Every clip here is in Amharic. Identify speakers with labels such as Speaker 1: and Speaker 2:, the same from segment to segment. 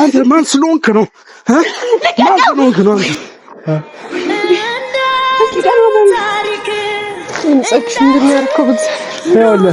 Speaker 1: አንተ ማን ስለሆንክ ነው? ነው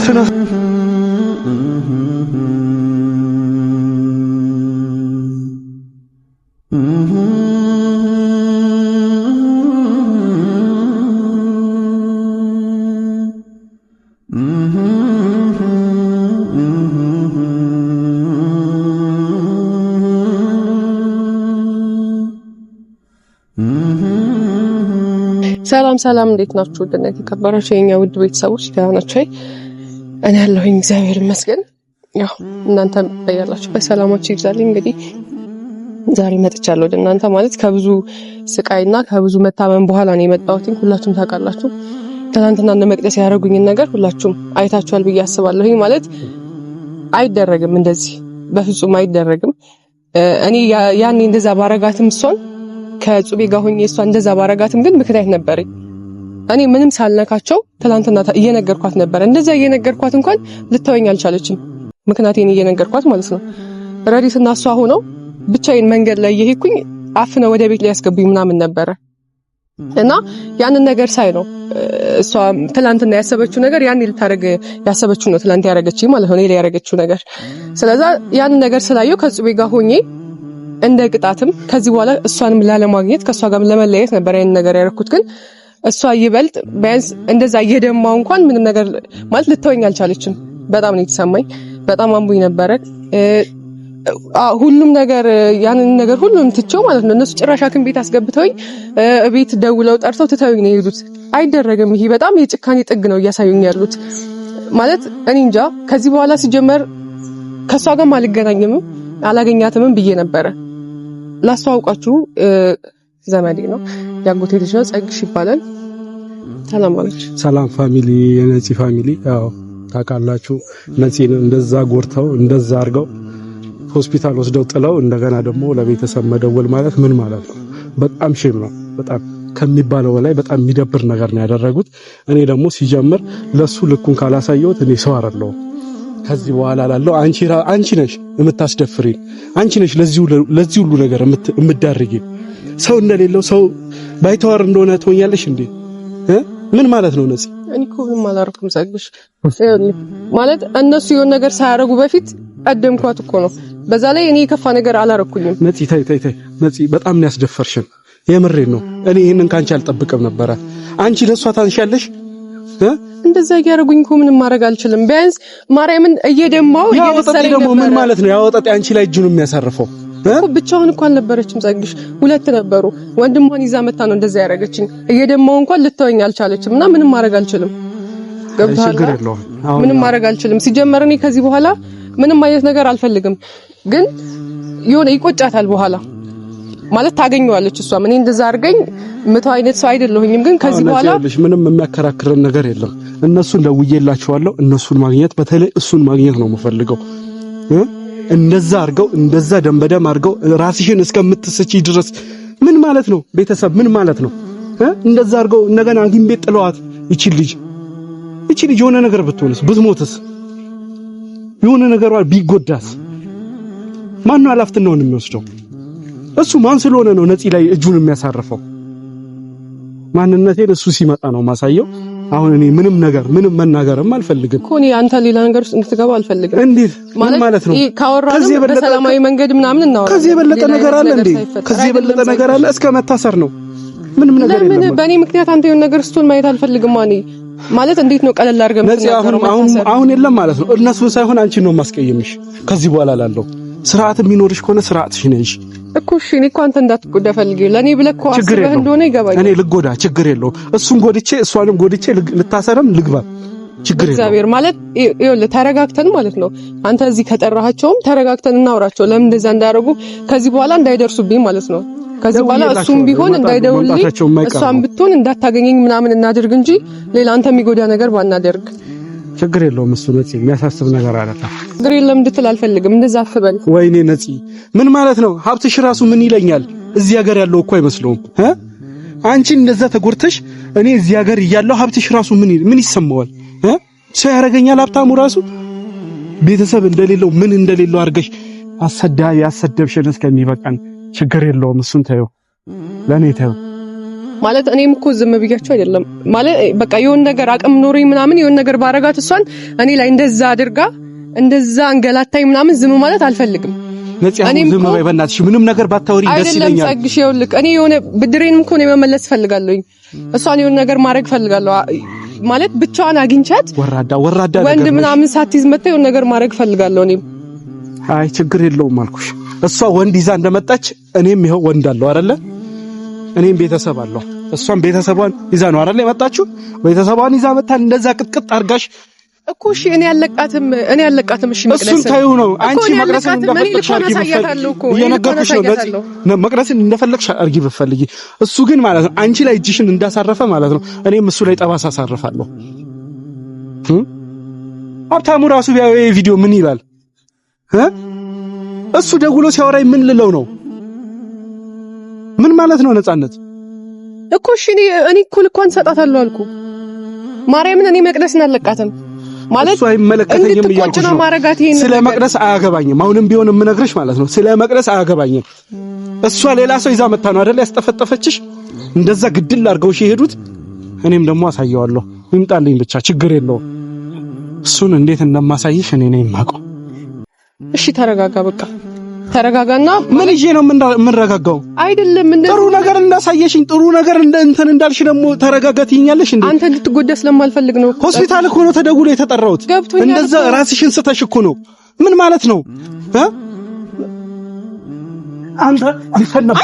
Speaker 1: Aferin.
Speaker 2: ሰላም ሰላም፣ እንዴት ናችሁ? ደህና የተከበራችሁ የኛ ውድ ቤተሰቦች ደህና ናችሁ? እኔ ያለሁኝ እግዚአብሔር ይመስገን። ያው እናንተ ያላችሁ በሰላማችሁ ይብዛልኝ። እንግዲህ ዛሬ መጥቻለሁ ወደ እናንተ ማለት ከብዙ ስቃይና ከብዙ መታመን በኋላ ነው የመጣሁትኝ። ሁላችሁም ታውቃላችሁ። ትናንትና እነ መቅደስ ያደረጉኝን ነገር ሁላችሁም አይታችኋል ብዬ አስባለሁኝ። ማለት አይደረግም፣ እንደዚህ በፍጹም አይደረግም። እኔ ያኔ እንደዛ ባረጋትም እሷን ከጹቤ ጋር ሆኜ እሷ እንደዛ ባረጋትም ግን ምክንያት ነበረኝ። እኔ ምንም ሳልነካቸው ትላንትና እየነገርኳት ነበር። እንደዛ እየነገርኳት እንኳን ልታወኝ አልቻለችም። ምክንያቴን እየነገርኳት ማለት ነው። እና እሷ ሆነው ብቻዬን መንገድ ላይ እየሄድኩኝ አፍነው ወደ ቤት ሊያስገቡኝ ምናምን ነበረ እና ያንን ነገር ሳይ ነው እሷ ትላንትና ያሰበችው ነገር ያን ልታረግ ያሰበችው ነው። ትላንት ያረገችኝ ማለት ነው ያረገችው ነገር። ስለዛ ያንን ነገር ስላየው ከጽቤ ጋር ሆኜ እንደ ቅጣትም ከዚህ በኋላ እሷንም ላለማግኘት ከእሷ ጋር ለመለየት ነበር ያንን ነገር ያረኩት ግን እሷ ይበልጥ ቢያንስ እንደዛ እየደማው እንኳን ምንም ነገር ማለት ልተወኝ አልቻለችም። በጣም ነው የተሰማኝ። በጣም አንቡኝ ነበረ። ሁሉም ነገር ያንን ነገር ሁሉም ትቸው ማለት ነው። እነሱ ጭራሽ ሐኪም ቤት አስገብተውኝ ቤት ደውለው ጠርተው ትተውኝ ነው የሄዱት። አይደረግም። ይሄ በጣም የጭካኔ ጥግ ነው እያሳዩኝ ያሉት ማለት እኔ እንጃ። ከዚህ በኋላ ሲጀመር ከእሷ ጋርም አልገናኝምም አላገኛትምም ብዬ ነበረ ላስተዋውቃችሁ ዘመዴ ነው። ያጎቴ ልጅ ነው። ጸግሽ ይባላል። ሰላም አለች።
Speaker 1: ሰላም ፋሚሊ፣ የነፂ ፋሚሊ ያው ታውቃላችሁ፣ ነፂን እንደዛ ጎርተው እንደዛ አድርገው ሆስፒታል ወስደው ጥለው እንደገና ደግሞ ለቤተሰብ መደወል ማለት ምን ማለት ነው? በጣም ሼም ነው። በጣም ከሚባለው በላይ በጣም የሚደብር ነገር ነው ያደረጉት። እኔ ደግሞ ሲጀምር ለሱ ልኩን ካላሳየሁት እኔ ሰው አይደለሁም። ከዚህ በኋላ ላለው አንቺ ነሽ የምታስደፍሪን፣ አንቺ ነሽ ለዚህ ሁሉ ነገር የምትዳርጊን ሰው እንደሌለው ሰው ባይተዋር እንደሆነ ትሆኛለሽ እንዴ? ምን ማለት ነው? ነፂ
Speaker 2: እኔ እኮ ምንም አላደረኩም። ፀግሽ ማለት እነሱ የሆነ ነገር ሳያደርጉ በፊት ቀደምኳት እኮ ነው። በዛ ላይ እኔ የከፋ ነገር አላረኩኝም።
Speaker 1: ነፂ ተይ ተይ ተይ ነፂ፣ በጣም ነው ያስደፈርሽን። የምሬን ነው። እኔ ይሄንን ካንቺ አልጠብቅም ነበረ። አንቺ ለሷ ታንሻለሽ።
Speaker 2: እንደዛ እያደረጉኝ እኮ ምንም ማድረግ አልችልም። ቢያንስ ማርያምን እየደማው
Speaker 1: ይሄ ደግሞ ምን ማለት ነው? ያወጣጤ አንቺ ላይ እጁን የሚያሳርፈው
Speaker 2: ብቻውን እኮ አልነበረችም ጸግሽ፣ ሁለት ነበሩ። ወንድሟን ይዛ መታ ነው እንደዛ ያደረገችኝ። እየደማው እንኳን ልተወኝ አልቻለችም እና ምንም ማድረግ አልችልም። ምንም ማድረግ አልችልም። ሲጀመር እኔ ከዚህ በኋላ ምንም አይነት ነገር አልፈልግም። ግን የሆነ ይቆጫታል በኋላ ማለት ታገኘዋለች። እሷም እኔ እንደዛ አድርገኝ መቶ አይነት ሰው አይደለሁኝም። ግን ከዚህ በኋላ
Speaker 1: ምንም የሚያከራክረን ነገር የለም። እነሱን ደውዬላቸዋለሁ። እነሱን ማግኘት በተለይ እሱን ማግኘት ነው የምፈልገው። እንደዛ አርገው እንደዛ በደም አርገው ራስሽን እስከምትስቺ ድረስ ምን ማለት ነው? ቤተሰብ ምን ማለት ነው? እንደዛ አርገው እንደገና ሐኪም ቤት ጥለዋት ይቺ ልጅ ይቺ ልጅ የሆነ ነገር ብትሆንስ ብትሞትስ የሆነ ነገሯ ቢጎዳስ ማን ነው ኃላፊነቱን የሚወስደው? እሱ ማን ስለሆነ ነው ነፂ ላይ እጁን የሚያሳርፈው? ማንነቴን እሱ ሲመጣ ነው ማሳየው። አሁን እኔ ምንም ነገር ምንም መናገርም አልፈልግም እኮ
Speaker 2: እኔ አንተ ሌላ ነገር ውስጥ እንድትገባ አልፈልግም።
Speaker 1: እንዴት ማለት ነው?
Speaker 2: ከዚህ የበለጠ ሰላማዊ መንገድ ምናምን እናወራ።
Speaker 1: ከዚህ የበለጠ ነገር አለ እንዴ? ከዚህ የበለጠ ነገር አለ? እስከ መታሰር ነው።
Speaker 2: ምንም ነገር የለም። ለምን በእኔ ምክንያት አንተ የሆነ ነገር ስትሆን ማየት አልፈልግም። ማኔ ማለት እንዴት ነው? ቀለል አድርገን ነው
Speaker 1: አሁን አሁን የለም ማለት ነው። እነሱ ሳይሆን አንቺን ነው ማስቀየምሽ ከዚህ በኋላ ላለው ስርዓት የሚኖርሽ ከሆነ ስርዓትሽ ነሽ
Speaker 2: እኮ እሺ፣ እኔ እኮ አንተ እንዳትጎዳ ፈልጌ ለእኔ ብለህ እኮ አስበህ እንደሆነ ይገባኛል።
Speaker 1: እኔ ልጎዳ ችግር የለውም። እሱን ጎድቼ እሷንም ጎድቼ ልታሰርም ልግባ ችግር እግዚአብሔር
Speaker 2: ማለት ይኸውልህ፣ ተረጋግተን ማለት ነው። አንተ እዚህ ከጠራሃቸውም ተረጋግተን እናውራቸው፣ ለምን እንደዛ እንዳያደርጉ ከዚህ በኋላ እንዳይደርሱብኝ ማለት ነው። ከዚህ በኋላ እሱም ቢሆን እንዳይደውልኝ፣ እሷም ብትሆን እንዳታገኘኝ ምናምን እናድርግ እንጂ ሌላ አንተ የሚጎዳ ነገር ባናደርግ
Speaker 1: ችግር የለውም። እሱ ነፂ የሚያሳስብ ነገር አይደለም።
Speaker 2: ችግር የለም እንድትል አልፈልግም። እንደዛ አፍበል።
Speaker 1: ወይኔ ነፂ ምን ማለት ነው? ሀብትሽ ራሱ ምን ይለኛል? እዚህ ሀገር ያለው እኮ አይመስለውም። አንቺ እንደዛ ተጎድተሽ እኔ እዚህ ሀገር እያለሁ ሀብትሽ ራሱ ምን ምን ይሰማዋል? ሰው ያደርገኛል ሀብታሙ ራሱ ቤተሰብ እንደሌለው ምን እንደሌለው አድርገሽ አሰዳ ያሰደብሽን እስከሚበቃን ችግር የለውም። እሱን ተይው፣ ለእኔ ተይው።
Speaker 2: ማለት እኔም እኮ ዝም ብያቸው አይደለም ማለት በቃ የሆን ነገር አቅም ኖሮኝ ምናምን የሆን ነገር ባረጋት እሷን እኔ ላይ እንደዛ አድርጋ እንደዛ አንገላታኝ ምናምን ዝም ማለት አልፈልግም።
Speaker 1: እኔም ዝም በይ በእናትሽ፣ ምንም ነገር ባታወሪ
Speaker 2: ደስ ይለኛል። ጸግሽ፣ ይኸውልህ እኔ የሆነ ብድሬንም እኮ ነው መመለስ እፈልጋለሁኝ። እሷን የሆነ ነገር ማድረግ እፈልጋለሁ ማለት ብቻዋን አግኝቻት
Speaker 1: ወራዳ ወራዳ
Speaker 2: ወንድ ምናምን ሳትይዝ መጣ የሆነ ነገር ማድረግ እፈልጋለሁ። እኔም
Speaker 1: አይ ችግር የለውም አልኩሽ። እሷ ወንድ ይዛ እንደመጣች እኔም ይኸው ወንድ አለው አይደለ እኔም ቤተሰብ አለሁ፣ እሷም ቤተሰቧን ይዛ ነው አይደል የመጣችሁ? ቤተሰቧን ይዛ መታ እንደዛ ቅጥቅጥ አርጋሽ
Speaker 2: እኮ እሺ፣ እኔ ያለቃትም እኔ ያለቃትም እሺ፣ መቅደስ
Speaker 1: እሱን ታዩ ነው አንቺ መቅደስን እንደፈለግሽ አርጊ ብትፈልጊ፣ እሱ ግን ማለት ነው አንቺ ላይ እጅሽን እንዳሳረፈ ማለት ነው። እኔም እሱ ላይ ጠባሳ አሳርፋለሁ። ሀብታሙ ራሱ ቢያዩ ቪዲዮ ምን ይላል? እሱ ደውሎ ሲያወራኝ ምን ልለው ነው? ምን ማለት ነው ነፃነት?
Speaker 2: እኮ እሺ፣ እኔ እኔ እኮ ልኳን ሰጣታለሁ አልኩ። ማርያምን እኔ መቅደስን አለቃትም
Speaker 1: ማለት አይመለከተኝም
Speaker 2: እያልኩሽ ነው።
Speaker 1: ስለ መቅደስ አያገባኝም። አሁንም ቢሆን የምነግርሽ ማለት ነው ስለ መቅደስ አያገባኝም። እሷ ሌላ ሰው ይዛ መታ ነው አይደል ያስጠፈጠፈችሽ? እንደዛ ግድል አድርገው የሄዱት እኔም ደግሞ አሳየዋለሁ። ይምጣልኝ ብቻ ችግር የለውም። እሱን እንዴት እንደማሳይሽ እኔ ነኝ የማውቀው።
Speaker 2: እሺ ተረጋጋ በቃ። ተረጋጋና።
Speaker 1: ምን ይዤ ነው የምንረጋጋው?
Speaker 2: አይደለም እንደ
Speaker 1: ጥሩ ነገር እንዳሳየሽኝ ጥሩ ነገር እንደ እንትን እንዳልሽ ደግሞ ተረጋጋ ትይኛለሽ እንዴ?
Speaker 2: አንተ እንድትጎዳ ስለማልፈልግ ነው።
Speaker 1: ሆስፒታል እኮ ነው ተደውሎ የተጠራሁት። እንደዛ ራስሽን ስተሽ እኮ ነው። ምን ማለት ነው? አንተ አንተ ነው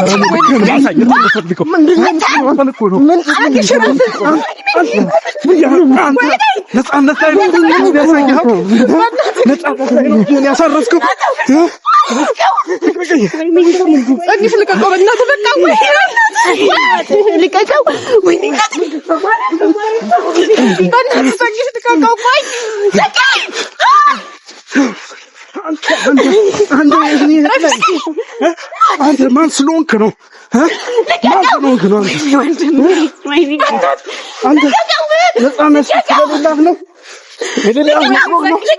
Speaker 1: ያሳረፍከው አንተ ማን ስለሆንክ ነው? ማን ስለሆንክ ነው? አንተ ነፃነት ስለሌላት ነው ጮኋለሁ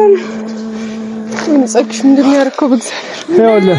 Speaker 1: ምንም
Speaker 2: ጸግሽ ምንድን ነው ያደረከው? በእግዚአብሔር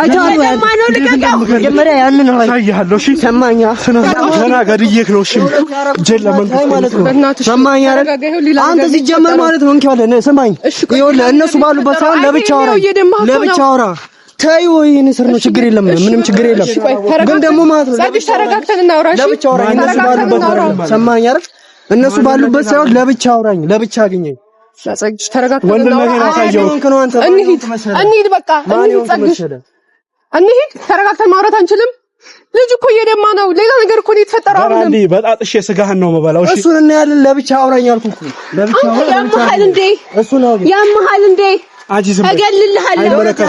Speaker 2: አንተ
Speaker 1: ሲጀመር ማለት ነው እንኪዋለን ሰማኝ። ይኸውልህ እነሱ ባሉበት ሳይሆን ለብቻ አውራ፣ ለብቻ አውራ ታይ ወይ እኔ ስር ነው ችግር የለም፣ ምንም ችግር የለም። ግን ደግሞ ማለት ነው ተረጋግተን እናውራ። ለብቻ አውራኝ እነሱ ባሉበት ሰማኝ አይደል? እነሱ ባሉበት ሳይሆን ለብቻ አውራኝ፣ ለብቻ አግኘኝ። ተረጋግተን እናውራ። ወንድ ነገር እንሂድ፣ እንሂድ፣ በቃ እንሂድ። ጸግሽ እንሂድ። ተረጋግተን ማውራት አንችልም? ልጅ እኮ እየደማ ነው። ሌላ ነገር እኮ ነው የተፈጠረው። አሁን በጣጥሽ ስጋህን ነው የምበላው። እሺ እሱን እናያለን። ለብቻ አውራኝ አልኩህ እኮ ለብቻ ያምሃል እንዴ? እሱ ነው ያምሃል እንዴ? አንቺ ዝም በቃ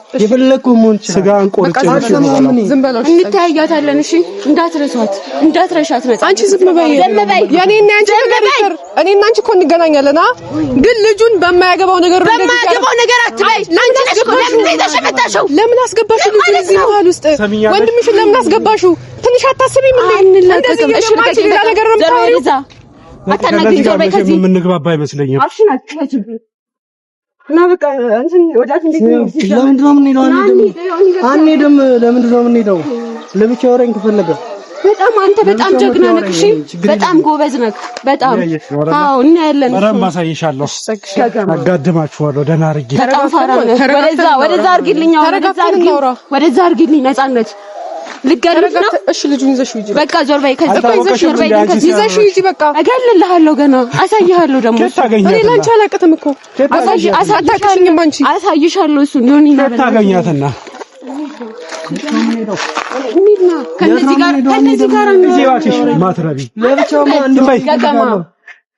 Speaker 1: የፈለኩ ምን
Speaker 2: ስጋን ቆርጬ እንታያታለን። እሺ እንዳትረሷት፣ እንዳትረሻት ነው። አንቺ ዝም በይ። የኔና አንቺ ነገር ይቅር። እኔና አንቺ እኮ እንገናኛለን። ግን ልጁን በማያገባው ነገር በማያገባው ነገር አትበይ። ለምን ለምን አስገባሽው ልጁን እዚህ መሀል ውስጥ? ወንድምሽን ለምን አስገባሽው? ትንሽ አታስቢም? ነገር ነው የምታወሪው። አታናግሪኝ። ከዚህ የምንግባባ አይመስለኝም። እና በቃ እንትን ወዳት እንዴት ነው? ለምንድን ነው የምንሄደው? አንሄድም። ለምንድን ነው የምንሄደው? ለብቻ ወሬን ከፈለገ በጣም አንተ በጣም ጀግና ነህ። እሺ፣ በጣም ጎበዝ ነህ። በጣም አዎ። እና ያለን በደንብ
Speaker 1: አጋድማችኋለሁ። ደህና አድርጊ። በጣም ፋራ ነህ። ወደዛ ወደዛ አድርጊልኝ። ወደዛ አድርጊልኝ። ነፃነት ልገርፍ ነው። እሺ ልጁን ይዘሽው ሂጂ በቃ ዞርባይ ከዚህ በቃ ይዘሽው ይዘሽው ሂጂ በቃ
Speaker 2: እገልልሃለሁ። ገና አሳይሃለሁ። ደግሞ እኔ ላንቺ አላቅትም እኮ አሳይሻለሁ። አንቺ አሳይሻለሁ። እሱ ሊሆን ይላል ታገኛትና ከነዚህ ጋር ከነዚህ ጋር ነው ማትረቢ ለብቻማ እንድትይ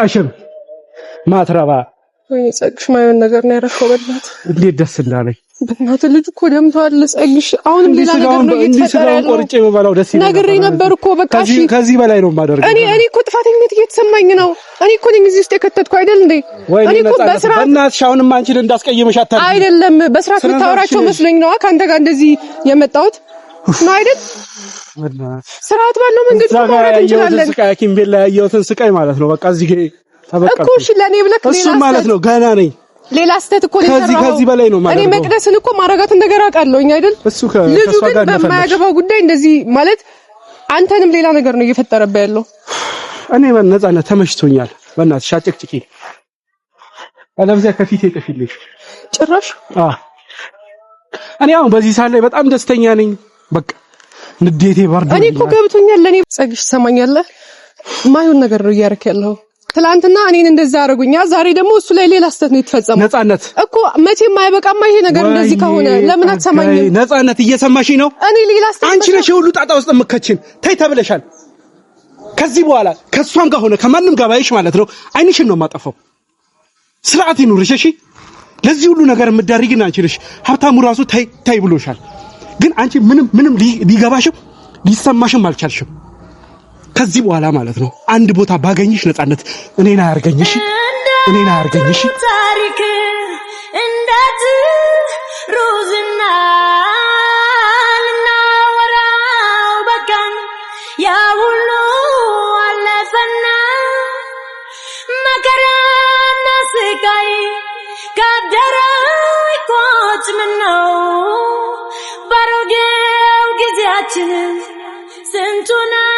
Speaker 1: ቀሽም ማትረባ
Speaker 2: ወይ ፀግሽ ማየን ነገር ነው ያደረከው።
Speaker 1: እንዴት ደስ እንዳለኝ
Speaker 2: በእናት ልጅ እኮ ደምቷል። አሁንም ሌላ ነገር ነው ቆርጬ በበላው ደስ ይላል። ነግሬ ነበር እኮ በቃ እሺ፣ ከዚህ በላይ ነው የማደርገው። እኔ እኔ እኮ ጥፋተኝነት እየተሰማኝ ነው። እኔ እኮ ነኝ እዚህ ውስጥ የከተትኩ አይደል እንዴ?
Speaker 1: እኔ እኮ በእናትሽ፣ አሁንም አንቺን
Speaker 2: አይደለም፣ መስሎኝ ከአንተ ጋር እንደዚህ የመጣሁት ነው አይደል? ስርዓት ባለው መንገድ
Speaker 1: ማውራት እንችላለን። ስቃይ ሐኪም ቤት ላይ ያየሁትን ስቃይ ማለት ነው። በቃ እዚህ ጋር
Speaker 2: ተበቃ እኮ እሺ፣ ለኔ ብለክ እሱ
Speaker 1: ማለት ነው። ገና ነኝ።
Speaker 2: ሌላ ስህተት እኮ ነው።
Speaker 1: ከዚህ ከዚህ በላይ ነው ማለት
Speaker 2: ነው። እኔ መቅደስን እኮ ማረጋትን ነገር አውቃለሁኝ አይደል? እሱ ልጁ ግን በማያገባው ጉዳይ እንደዚህ ማለት አንተንም ሌላ ነገር ነው እየፈጠረብህ ያለው።
Speaker 1: እኔ በነፃነት ተመችቶኛል። በእናትሽ አጭቅጭቂ አለብዚያ ከፊቴ ጥፊልኝ ጭራሽ። አዎ እኔ አሁን በዚህ ሰዓት ላይ በጣም ደስተኛ ነኝ። በቃ ንዴቴ ባርድ።
Speaker 2: እኔ እኮ ገብቶኛል። ለእኔ ጸግሽ ትሰማኛለህ። ማይሆን ነገር ነው እያደረክ ያለው። ትላንትና እኔን እንደዛ አደረጉኛ፣ ዛሬ ደግሞ እሱ ላይ ሌላ ስህተት ነው የተፈጸመው። ነጻነት እኮ መቼም አይበቃማ ይሄ ነገር። እንደዚህ ከሆነ ለምን አትሰማኝም?
Speaker 1: ነጻነት እየሰማሽ ነው?
Speaker 2: እኔ ሌላ ስህተት አንቺ
Speaker 1: ነሽ የሁሉ ጣጣ ውስጥ የምከችን። ተይ ተብለሻል። ከዚህ በኋላ ከእሷም ጋር ሆነ ከማንም ጋር ባይሽ ማለት ነው አይንሽን ነው የማጠፋው። ስርዓት ይኑርሽ እሺ። ለዚህ ሁሉ ነገር የምትዳርጊን አንቺ ነሽ። ሀብታሙ ራሱ ተይ ተይ ብሎሻል። ግን አንቺ ምንም ምንም ሊገባሽም ሊሰማሽም አልቻልሽም። ከዚህ በኋላ ማለት ነው አንድ ቦታ ባገኝሽ ነፃነት እኔን አያርገኝሽ፣ እኔን አያርገኝሽ። ታሪክ እንዳት ሩዝና ልናወራው በቃን፣ ያ ሁሉ አለፈና መከራና ስቃይ ጋደረ ይቆጭ ምነው Sent to tunay